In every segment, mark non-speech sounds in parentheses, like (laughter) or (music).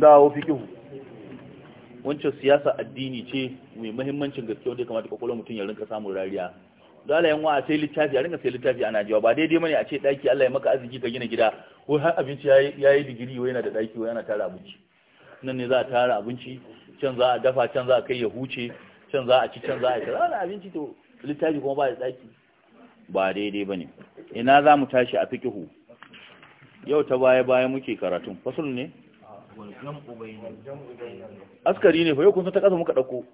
dawo fikihu wancan siyasa addini ce mai muhimmancin gaske wanda ya kamata kwakwalwar mutum ya rinka samun rariya dole yan wa'a sai littafi a rinka sai littafi a jiwa ba daidai bane a ce daki Allah ya maka arziki ka gina gida ko har abinci yayi digiri wai yana da daki wai yana tara abinci nan ne za a tara abinci can za a dafa can za a kai ya huce can za a ci can za a yi tara abinci to littafi kuma ba da daki ba daidai bane ina za mu tashi a fikihu yau ta baya baya muke karatun fasul ne askari ne fa yau kun san ta ƙasa muka ɗauko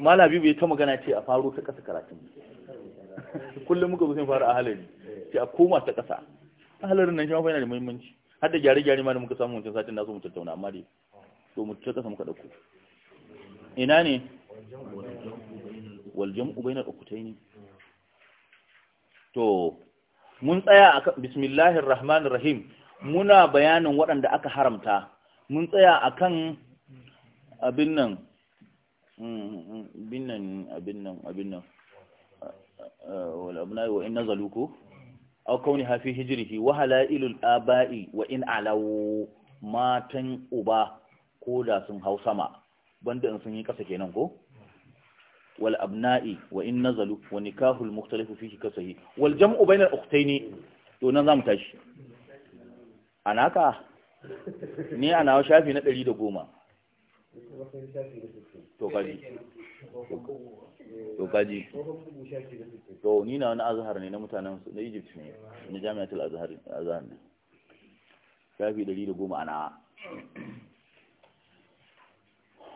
mala biyu bai ta magana ce a faro ta ƙasa karatun kullum muka zo fara a halari ce a koma ta ƙasa a halarin nan shi ma fa yana da muhimmanci har da gyare-gyare ma da muka samu wancan satin na so mu tattauna amma dai to mu ta ƙasa muka ɗauko ina ne wal jam'u bainal ne. to mun tsaya a bismillahir rahmanir rahim muna bayanin waɗanda aka haramta mun tsaya akan abin nan abin nan abin nan abin nan wal'abnai wa in nazalu ko aw hafi hijrihi wa halailul aba'i wa in alaw matan uba ko da sun hau sama banda in sun yi ƙasa kenan ko wal abna'i wa in nazalu wa nikahul mukhtalifu fihi kasahi wal jam'u bayna al ukhtaini to nan zamu tashi a naka ni a nawa shafi na ɗari da goma to kaji to kaji to ni na wani azahar ne na mutanen na egypt ne na jami'atul azahar ne shafi ɗari da goma a nawa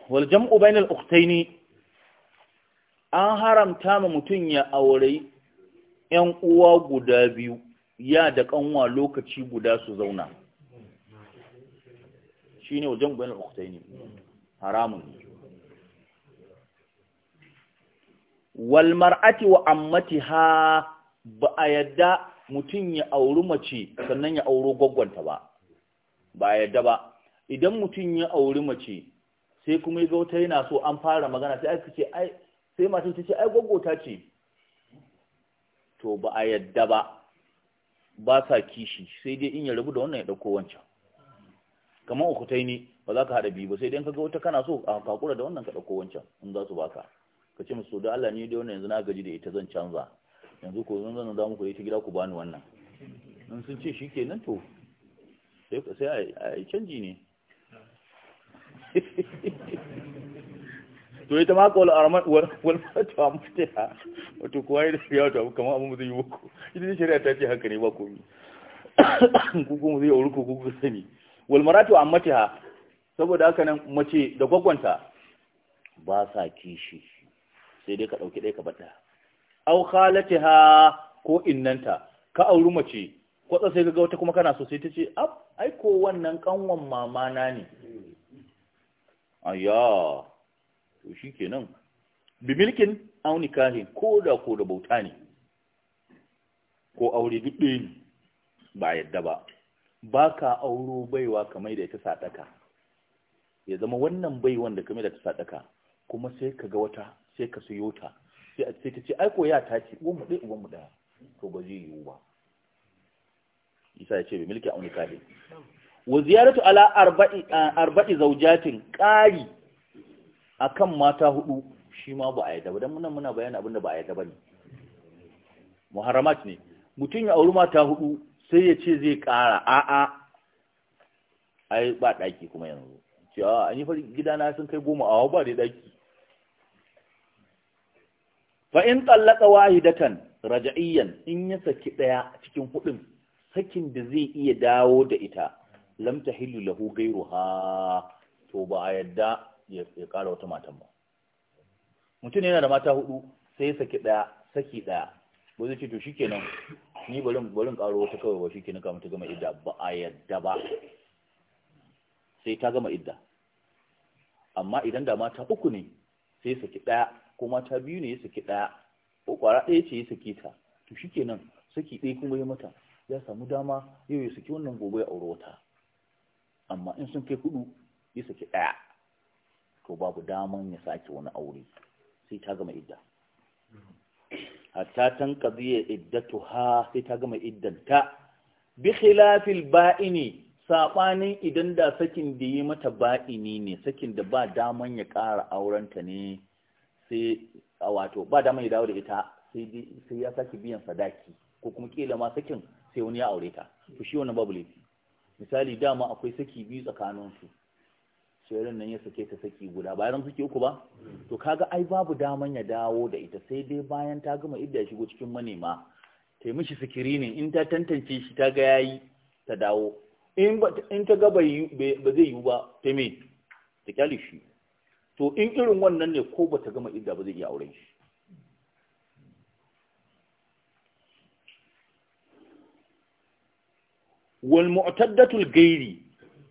wal jam'u bainal ukhtaini an haramta ma mutum ya aure ‘yan uwa guda biyu, ya da kanwa lokaci guda su zauna Shi ne wajen bayan al ne, haramun wal mar'ati wa ha, ba a yadda mutum ya auri mace sannan ya auro gwaggwanta ba ba a yadda ba idan mutum ya auri mace sai kuma ya wata yana so an fara magana sai aka ce ai sai masu ta ce ai gwaggota ce to ba a yadda ba ba sa kishi sai dai in ya rabu da wannan ya dauko wancan kamar ukutai ne ba za ka haɗa biyu ba sai dai in kaga wata kana so a kakura da wannan ka dauko wancan in za su baka ka ce musu da Allah ne dai wannan yanzu na gaji da ita zan canza yanzu ko zan zan da muku da ita gida ku bani wannan in sun ce shi kenan to sai a yi canji ne (laughs) to ita ma kawal arman wal fatwa ha? wato kowa da shirya wato abu kamar abu zai yi bako ita shari'a ta ce haka ne ba komi (coughs) ku mu zai auri ku ku sani wal maratu ha? saboda haka nan mace da gwagwanta ba sa kishi sai dai ka dauki dai ka bada au ha ko innanta ka auri mace kwatsa sai ga wata kuma kana so sai ta ce ab ai ko wannan kanwan mama na ne ayya to shi kenan bimilkin aunikahin ko da ko da bauta ne ko aure duk ɗaya ne ba yadda ba ba ka auro baiwa kamar da ita sadaka ya zama wannan baiwan da kamar da ta sadaka kuma sai ka ga wata sai ka suyo ta sai a ce ta ce aiko ya ta ce uwan mu ɗaya uwan mu ɗaya to ba zai yiwu ba isa ya ce bi milki auni wa ziyaratu ala arba'i arba'i zawjatin qari akan mata hudu shi ma ba a yadda ba don muna bayan abinda ba a yadda ba ne muharramat ne mutum ya auri mata hudu sai ya ce zai kara a'a ai ba daki kuma yanzu ce a yi fari gidana sun kai goma awa ba dai daki fa in wahidatan raja'iyyan in ya saki daya cikin hudun sakin da zai iya dawo da ita lamta tahillu lahu ha, to ba a yadda ya ƙara wata matan ba mutum yana da mata hudu sai saki ɗaya saki ɗaya ba zai ce to shikenan ni barin barin ƙaro wata kawai ba shikenan kamar ta gama idda ba a yadda ba sai ta gama idda amma idan da mata uku ne sai saki ɗaya ko mata biyu ne ya saki ɗaya ko ƙwara ɗaya ce ya saki ta to shikenan saki ɗaya kuma ya mata ya samu dama yau ya saki wannan gobe ya aure wata amma in sun kai hudu ya saki ɗaya to babu daman ya sake wani aure sai ta gama idda hatta tan iddatuha sai ta gama iddanta bi khilafil ba'ini sabanin idan da sakin da yi mata ba'ini ne sakin da ba daman ya ƙara aurenta ne sai wato ba daman ya dawo da ita sai ya sake biyan sadaki ko kuma kila ma sakin sai wani ya aure ta to shi wannan babu laifi misali dama akwai saki biyu tsakaninsu shirin nan ya sake ta saki guda bayan suke uku ba to kaga ai babu daman ya dawo da ita sai dai bayan ta gama idda ya shigo cikin manema ta yi mishi sikirinin in ta tantance shi ta ga yayi ta dawo in ta ga ba zai yiwu ba ta me ta kyale shi to in irin wannan ne ko ba ta gama idda ba zai iya auren shi wal mu'taddatul gairi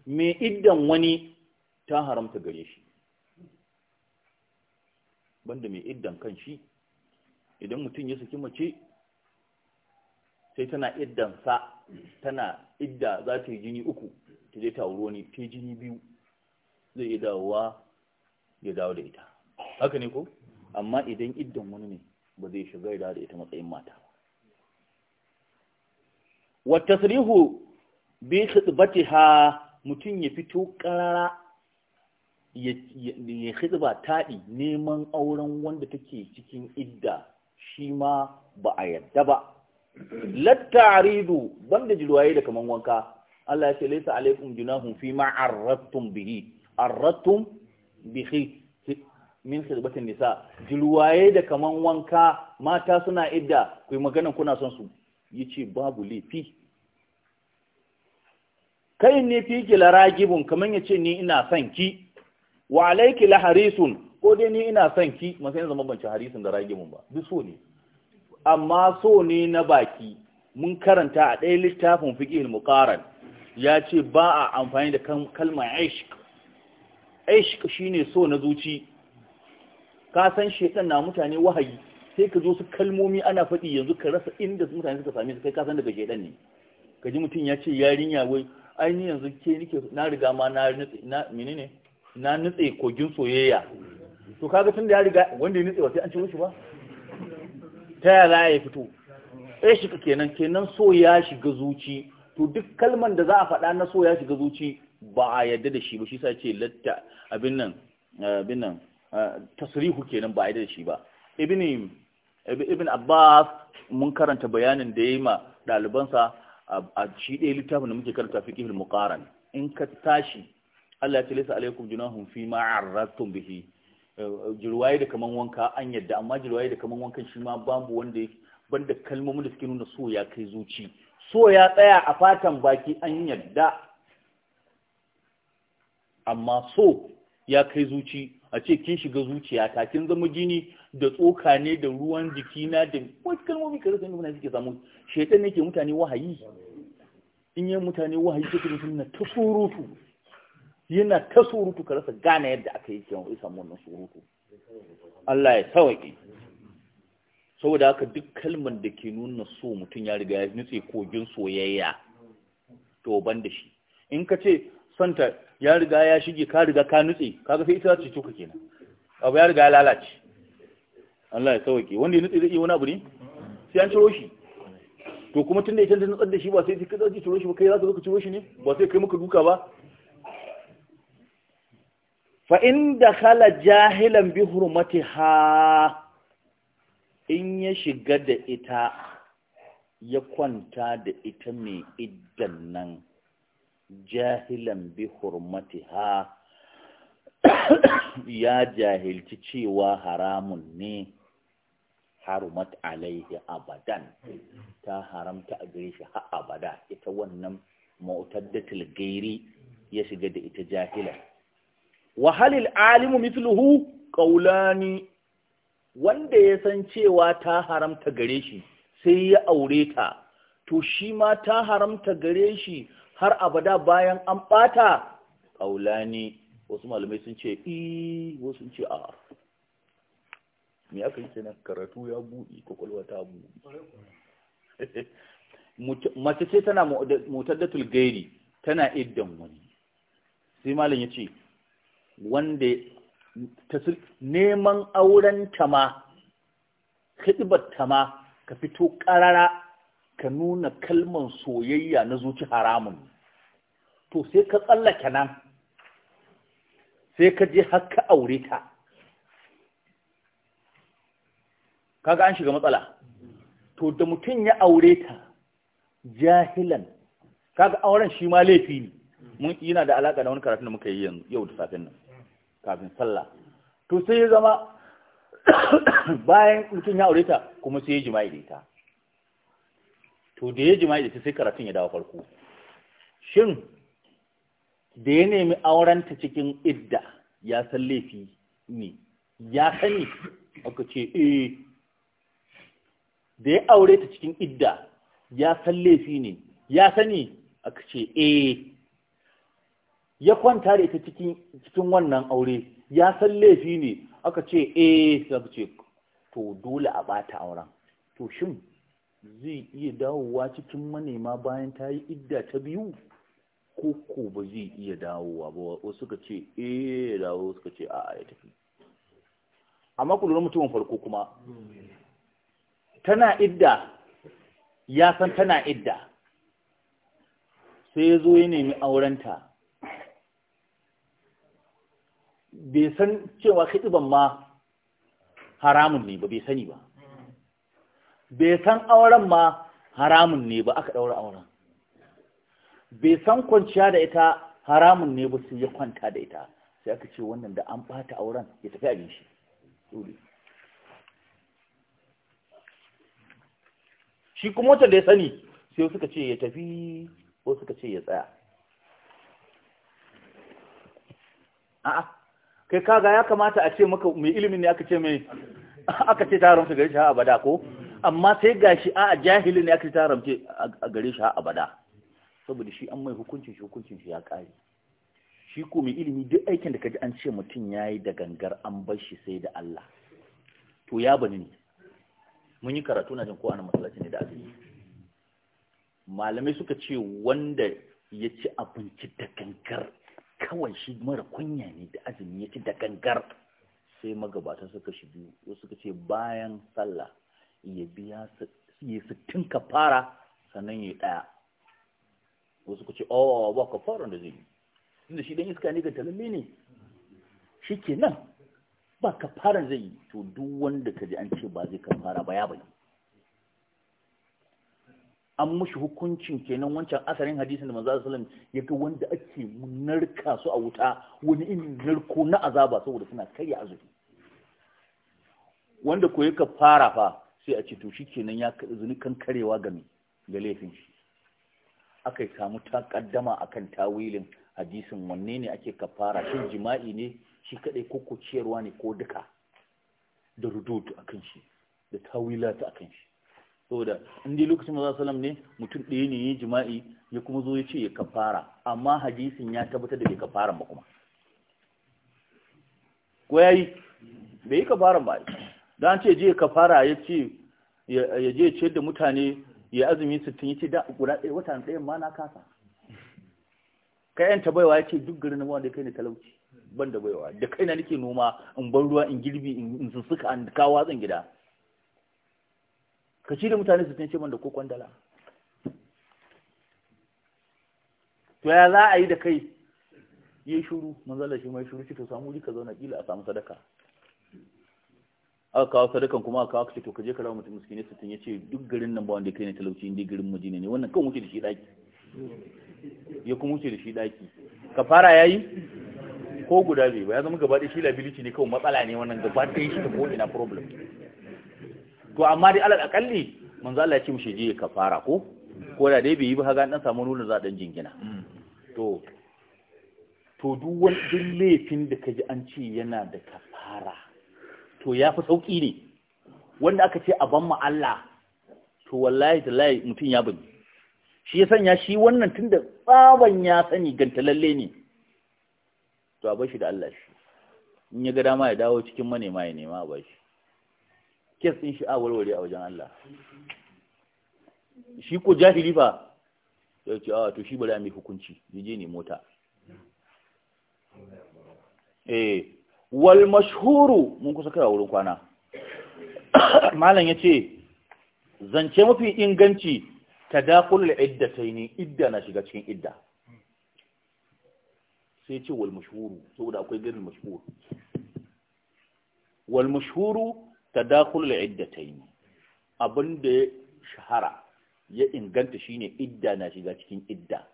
mai iddan wani ta haramta gare shi banda mai iddan kan shi idan mutum ya saki mace sai tana iddan sa tana idda za ta yi jini uku ta je ta wuro ne ta jini biyu zai yi dawowa ya dawo da ita haka ne ko amma idan iddan wani ne ba zai shiga ya dawo da ita matsayin mata wata sarihu bi ha mutum ya fito ƙarara? ya hizba taɗi neman auren wanda take cikin idda shi ma ba a yadda ba lattaridu banda jirwaye da kaman wanka Allah ya ce laisa alaikum junahun fi ma arrattum bihi arrattum bihi min khidbatin nisa jirwaye da kaman wanka mata suna idda ku yi magana kuna son su yace babu laifi kai ne fi ki laragibun kaman ce ni ina son ki wa alayki la harisun ko dai ni ina son ki masu zama banci harisun da mun ba duk so ne amma so ne na baki mun karanta a ɗaya littafin fiqhil muqaran ya ce ba a amfani da kalmar ishq shi shine so na zuci ka san shekan na mutane wahayi sai ka zo su kalmomi ana faɗi yanzu ka rasa inda mutane suka same su kai ka san daga shedan ne kaji ji mutum ya ce yarinya wai ainihin yanzu ke nike na riga ma na menene na nutse kogin soyayya to kaga tun da ya riga wanda ya nutse wa sai an ci mishi ba ta ya za ya fito ya eh, kenan kenan so ya shiga zuci to duk kalman da za a faɗa na so ya shiga zuci ba a yadda da shi ba shi sa ce latta abin nan abin tasrihu kenan ba a yadda da shi ba ibn abbas mun karanta bayanin da ya yi ma ɗalibansa a shi ɗaya littafin da muke karanta fiqhul muqaran in ka tashi Allah ya ce alaikum junahum fi ma arradtum bihi eh, jirwaye da kaman wanka an yadda amma jirwaye da kaman wankan shi ma babu wanda yake banda kalmomin da suke nuna so ya kai zuci so ya tsaya a fatan baki an yadda amma so ya kai zuci a ce kin shiga zuciyata kin zama jini da tsoka ne da ruwan jikina da wasu kalmomi ka rasa nuna suke samu shaitan ke mutane wahayi in yi mutane wahayi suke da suna ta surutu yana ta surutu ka rasa gane yadda aka yi kiyan isa wannan surutu Allah ya sauƙi saboda haka duk kalmar da ke nuna so mutum ya riga ya nutse kogin soyayya to ban da shi in ka ce santa ya riga ya shige ka riga ka nutse kaga sai ita ce to kenan abu ya riga ya lalace Allah ya sauke wanda ya nutse zai yi wani abu ne sai an ciro shi to kuma tunda ita ta nutsar da shi ba sai ka zaji ciro shi ba kai za ka zo ka ciro shi ne ba sai kai maka duka ba fa da kala jahilan bi hurmati ha in ya shiga da ita ya kwanta da ita mai iddan nan jahilan bi hurmati ha, (coughs) ya jahilci cewa haramun ne harumat alaihi abadan ta haramta a gare shi har abada ita wannan da tilgairi ya shiga da ita jahilan wa halil alimu mithluhu qaulani wanda ya san cewa ta haramta gare shi sai ya aure ta to shi ma ta haramta gare shi har abada bayan an bata qaulani wasu malamai sun ce i wasu sun ce a me aka yi kenan karatu ya buɗe kokolwa ta buɗe (laughs) mace ce tana mutaddatul gairi tana iddan wani sai malam ya ce wanda neman auren ma hidibar ma ka fito ƙarara ka nuna kalman soyayya na zuci haramun to sai ka tsallake nan sai ka je haka aure ta kaga an shiga matsala to da mutum ya aure ta jahilan kaga auren shi ma laifi ne mun yana da alaka da wani karatu da muka yi yau da safen nan kafin sallah to sai ya zama (coughs) bayan mutum ya aure ta kuma sai ya jima'i da ita to da ya jima'i da ita sai karatun ya dawo farko shin da ya nemi aurenta cikin idda ya san laifi ne ya sani aka ce eh da ya aure ta cikin idda ya san laifi ne ya sani aka ce eh ya kwanta da ita cikin wannan aure ya san laifi ne aka ce eh za ce to dole a bata auren to shin zai iya dawowa cikin manema bayan ta yi idda ta biyu ko ko ba zai iya dawowa ba wasu suka ce eh dawo suka ce a'a ya tafi amma ku mutumin farko kuma tana idda ya san tana idda sai ya zo ya nemi aurenta bai san cewa hidiban ma haramun ne ba bai sani ba bai san auren ma haramun ne ba aka daura auren bai san kwanciya da ita haramun ne ba sai ya kwanta da ita sai aka ce wannan da an bata auren ya tafi abin shi shi kuma wata da ya sani sai suka ce ya tafi ko suka ce ya tsaya a'a kai kaga ya kamata a ce maka mai ilimin ne aka ce mai aka ce ta haramta gari shi abada ko amma sai gashi a jahili ne aka ce ta haramta a shi abada saboda shi an mai hukuncin shi hukuncin shi ya kare shi ko mai ilimi duk aikin da kaji an ce mutum yayi da gangar an bar shi sai da Allah to ya bani ne mun yi karatu na jin ko anan masallaci ne da azumi malamai suka ce wanda ya ci abinci da gangar kawai shi mara kunya ne da azumi ya ci da gangar sai magabata suka shigo suka ce bayan sallah ya biya su yi sittin kafara sannan ya ɗaya wasu ce, oh ba kafaran da zai yi inda shi dan iska ne ga talalle ne shikenan ba kafaran zai yi to duk wanda ka an ce ba zai kafara ba ya bane an mushi hukuncin kenan wancan asarin hadisin da manzo sallallahu alaihi wasallam yake wanda ake narka su a wuta wani irin narko na azaba saboda suna kai azumi wanda ko yake fara fa sai a ce to shikenan ya zuni kan karewa game ga laifin shi akai samu takaddama akan tawilin hadisin wanne ne ake kafara shin jima'i ne shi kadai ko ko ciyarwa ne ko duka da rudutu akan shi da tawilata akan shi saboda in dai lokacin maza salam ne mutum ɗaya ne ya jima'i ya kuma zo ya ce ya kafara amma hadisin ya tabbatar da ya kafaran ba kuma ko yayi bai yi kafaran ba an ce je kafara ya ce ya je ce da mutane ya azumi 60 ya ce da guda ɗaya wata ɗaya ma na kasa kai yan baiwa ya ce duk garin wanda ya kai ne talauci ban da baiwa da kaina nake noma in ban ruwa in girbi in sussuka an kawo watsin gida ka ci da mutane su ce man da kokon dala. to ya za a yi da kai yi shuru manzala shi mai shuru ce to samu ka zauna kila a samu sadaka aka kawo sadakan kuma aka kawo to kaje je ka rawa mutum miskine sittin ya ce duk garin nan ba wanda kai ne talauci inda garin madina ne wannan kan wuce da shi daki ya kuma wuce da shi daki ka fara yayi ko guda bai ba ya zama gaba da shi liability ne kawai matsala ne wannan gaba da shi ta ko ina problem to amma dai alal akalli manzo Allah ya ce mushi je kafara ko ko da dai bai yi ba ga dan samu nuna za dan jingina mm. to to duk wani laifin da kaji an ce yana da kafara to ya fi sauki ne wanda aka ce a ban mu Allah to wallahi da lai mutun ya bani shi ya sanya shi wannan tunda tsaban ya sani ganta lalle ne to a bashi da Allah shi in ya ga dama ya dawo cikin manema ya nema a bashi kes ɗin shi a warware a wajen Allah shi ko jahili fa sai ce ah, to shi bari mai hukunci je ne mota eh wal mashhuru mun kusa kai wurin kwana malam yace zance mafi inganci tadakhulul iddataini idda na shiga cikin idda sai ce wal mashhuru saboda akwai garin mashhur wal mashhuru tadakhul iddatayn abin da ya shahara ya inganta shine idda na shiga cikin idda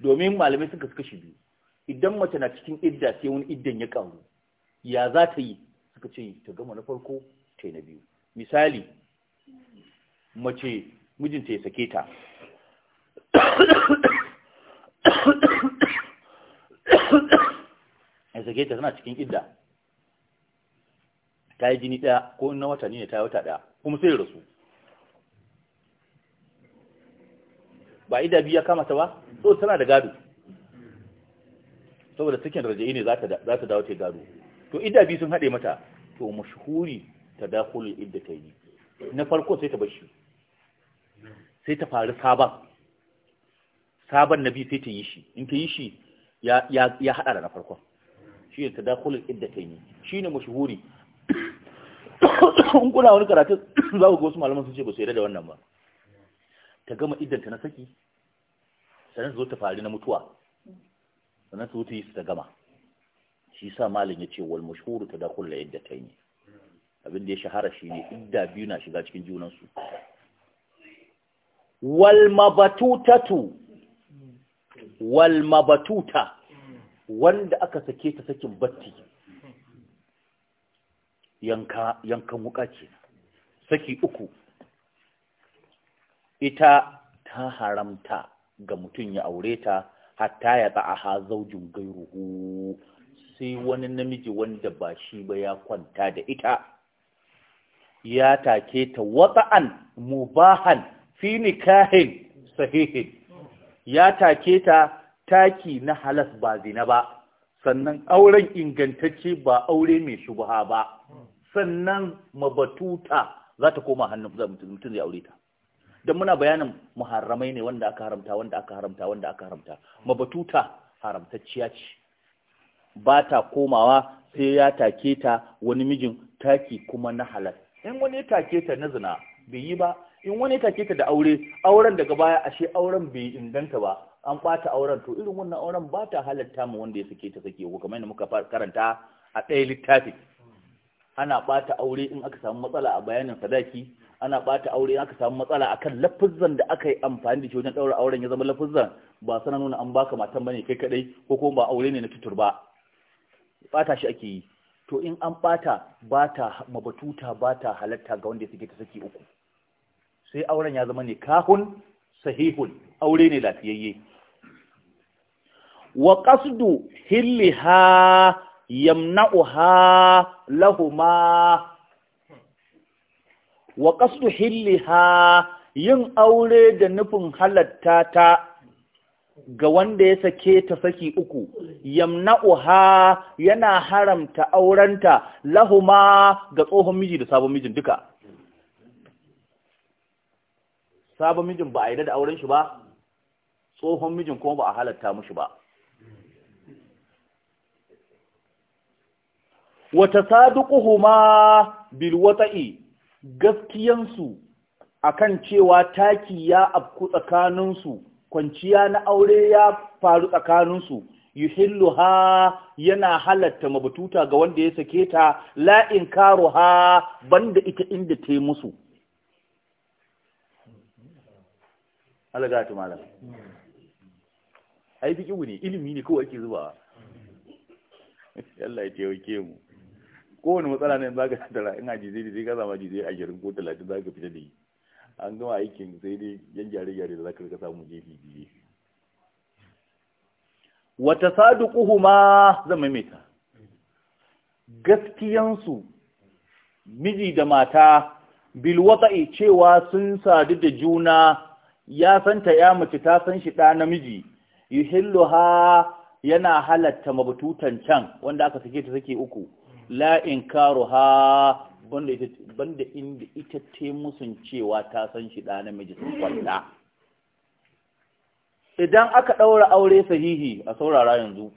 domin malamai suka suka shi biyu idan mace na cikin idda sai wani iddan ya karu ya za ta yi suka ce ta gama na farko ta na biyu misali mace mijinta ya sake ta (coughs) ya sake ta tana cikin idda ta yi jini ɗaya ko na watanni ne ta yi wata ɗaya kuma sai rasu ba ida biyu ya kamata ba so tana da gado saboda cikin raja'i ne za ta dawo ta gado to ida biyu sun haɗe mata to mashhuri ta dakulul idda ta yi na farko sai ta bashi sai ta faru sabon sabon na biyu sai ta yi shi in ta yi shi ya haɗa da na farkon shi ne ta dakulul idda ta yi shi ne mashhuri in kuna wani karatu za ku ga wasu malaman sun ce ba su yarda da wannan ba ta gama iddanta na saki sannan zo ta fari na mutuwa sannan su yi su ta gama shi sa malin ya ce wal mashuru ta la yadda ta yi abin da ya shahara shi ne idda biyu na shiga cikin junansu wal mabatutatu wal mabatuta wanda aka sake ta sakin batti yanka yankan wuka ce saki uku ita ta haramta ga mutum ya aure ta hatta ya ha zaujin gairuhu sai wani namiji wanda ba shi ba ya kwanta da ita ya take ta wata'an mubahan fi nikahin sahihin ya take ta taki na halas ba zina ba sannan auren ingantacce ba aure mai shubha ba sannan mabatuta za ta koma hannun mutum zai aure ta don muna bayanin muharramai ne wanda aka haramta wanda aka haramta wanda aka haramta mabatuta haramtacciya ce ba ta komawa sai ya take ta wani mijin taki kuma na halal in wani ya take ta na zina bai yi ba in wani ya take ta da aure auren daga baya ashe auren bai inganta ba an bata auren to irin wannan auren ba ta halatta mu wanda ya sake ta sake ko kamar yadda muka karanta a ɗaya littafin ana bata aure in aka samu matsala a bayanin sadaki ana bata aure in aka samu matsala akan lafuzzan da aka yi amfani da shi wajen daura auren ya zama lafuzzan ba sana nuna an baka matan bane kai kadai ko kuma ba aure ne na tutur ba bata shi ake yi to in an bata ba ta mabatuta ba halatta ga wanda suke ta saki uku sai auren ya zama ne kahun sahihun aure ne lafiyayye wa qasdu hilliha yamna'uha lahuma wa qasdu hilliha yin aure da nufin halatta ta ga wanda ya sake ta saki uku yamna'uha yana haramta aurenta lahuma ga tsohon miji da sabon mijin duka sabon mijin ba a yi da auren shi ba tsohon mijin kuma ba a halatta mushi ba wata saduku huma bil wata'i gaskiyansu akan cewa taki ya afku tsakaninsu kwanciya na aure ya faru tsakaninsu ha yana halatta mabututa ga wanda ya sake ta la inkaruha banda ita inda ta yi musu ta malam ai ne ilimi ne kawai ake zuba (laughs) Allah ya taimake mu kowane matsala ne za ka tattara ina jizai jizai zai ka zama jizai a girin ko talatin za ka fita da yi an gama aikin sai dai yan gyare-gyare da za ka rika samu jefi jefi wata ma zan maimaita gaskiyansu miji da mata bil cewa sun sadu da juna ya santa ya mace ta san shi da namiji yuhilluha yana halatta mabututan can wanda aka sake ta sake uku la karu banda banda inda ita te musun cewa ta san shi da namiji sun kwalla idan aka ɗaura aure sahihi a saurara yanzu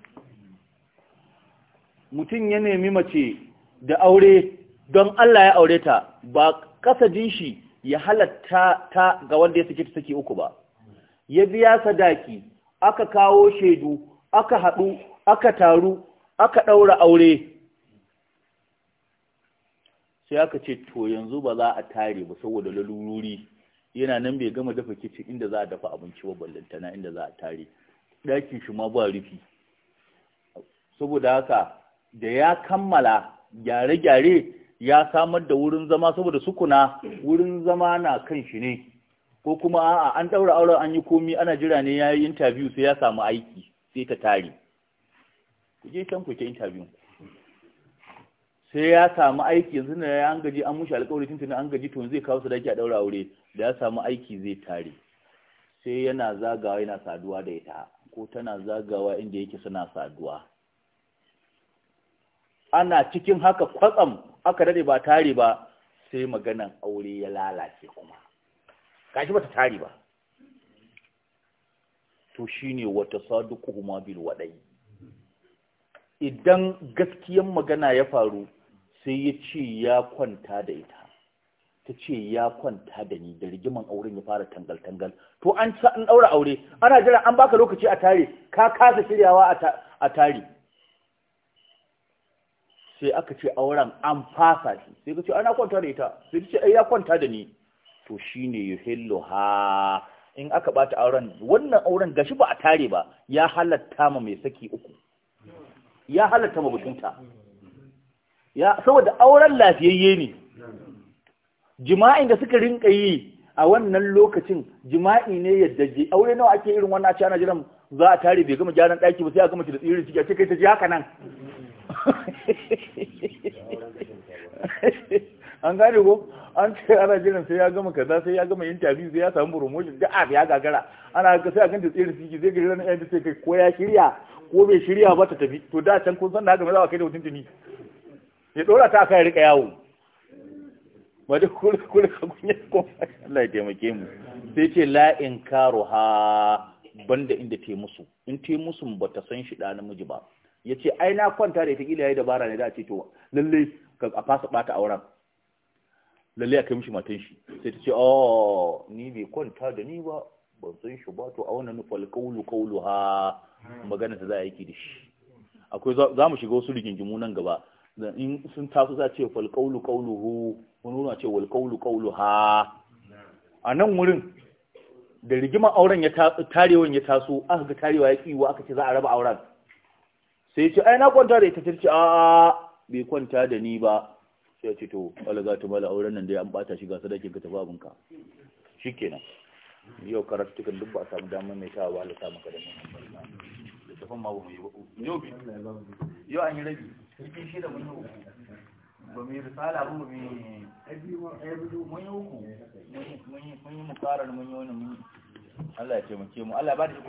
mutum ya nemi mace da aure don Allah ya aure ta ba ƙasa shi ya halatta ta ga wanda ya saki ta saki uku ba ya biya sadaki aka kawo shaidu aka haɗu aka taru aka ɗaura aure sai aka ce to yanzu ba za a tare ba saboda lalururi yana nan bai gama dafa kicin inda za a dafa abinci ba ballantana inda za a tare ɗakin shi ma ba rufi saboda haka da ya kammala gyare-gyare ya samar da wurin zama saboda sukuna wurin zama na kan shi ne ko kuma a'a an ɗaura auren an yi komi ana jira ne ya yi interview sai ya samu aiki sai ta tare ku je can ku ke interview. sai ya samu aiki yanzu na ya gaji an mushi alkawari tun tuni an gaji to zai kawo daki a daura aure da ya samu aiki zai tare sai yana zagawa yana saduwa da ita ko tana zagawa inda yake suna saduwa ana cikin haka kwatsam aka dade ba tare ba sai maganan aure ya lalace kuma kashi bata tare ba to shine wata saduku huma bil wadai idan gaskiyan magana ya faru sai ya ce ya kwanta da ita ta ce ya kwanta da ni da rigiman auren ya fara tangal-tangal to an sa daura aure ana jira an baka lokaci a tare ka kasa shiryawa a tare sai aka ce auren an fasa shi sai ka ce ana kwanta da ita sai ta ce ya kwanta da ni to shi ya yuhillu ha in aka bata auren wannan auren gashi ba a tare ba ya halatta ma mai saki uku ya halatta ma mutunta. ya saboda auren lafiyayye ne jima'in da suka rinka yi a wannan lokacin jima'i ne yadda je aure nawa ake irin wannan ciyana jiran za a tare bai gama gyaran ɗaki ba sai a gama da tsirin ciki a ce kai ta ji haka nan (laughs) an gane ko an ce ana jiran sai ya gama kaza sai ya gama interview sai ya samu promotion da abu ya gagara ana ga sai a ganta tsirin ciki zai gari ranar yadda sai kai ko ya shirya ko bai shirya ba ta tafi to da can kun san da haka mai za a kai da mutum tuni ya dora ta aka rika yawo ba duk kula ka ya ko Allah ya taimake mu sai ce la karo ha banda inda te musu in te musu ba ta san shi da namiji ba Ya ce ai na kwanta da ita kila yi dabara ne da ce to lalle ka a fasa bata auren lalle a kai mishi matan shi sai ta ce oh ni bai kwanta da ni ba ban san shi ba to a wannan nufal kaulu ha magana ta za a yi da shi akwai za mu shiga wasu rigingimu nan gaba da in sun tafi za ce fal ƙaulu hu wani wurin ce wal ƙaulu ha a nan wurin da rigima auren ya tarewa ya taso aka ga tarewa ya kiwo aka ce za a raba auren sai ce ai na kwanta da ita ce a bai kwanta da ni ba sai ya ce to alaga ta mala auren nan dai an bata shi ga sadakin ka tafi abinka kenan yau karatukan duk ba a samu damar mai tawa ba Allah ta maka da nan da tafan ma ba yi ba yau an yi rabi cikin mun yi uku risala ba mun yi uku mun yi mukarar mun yi mu Allah ba da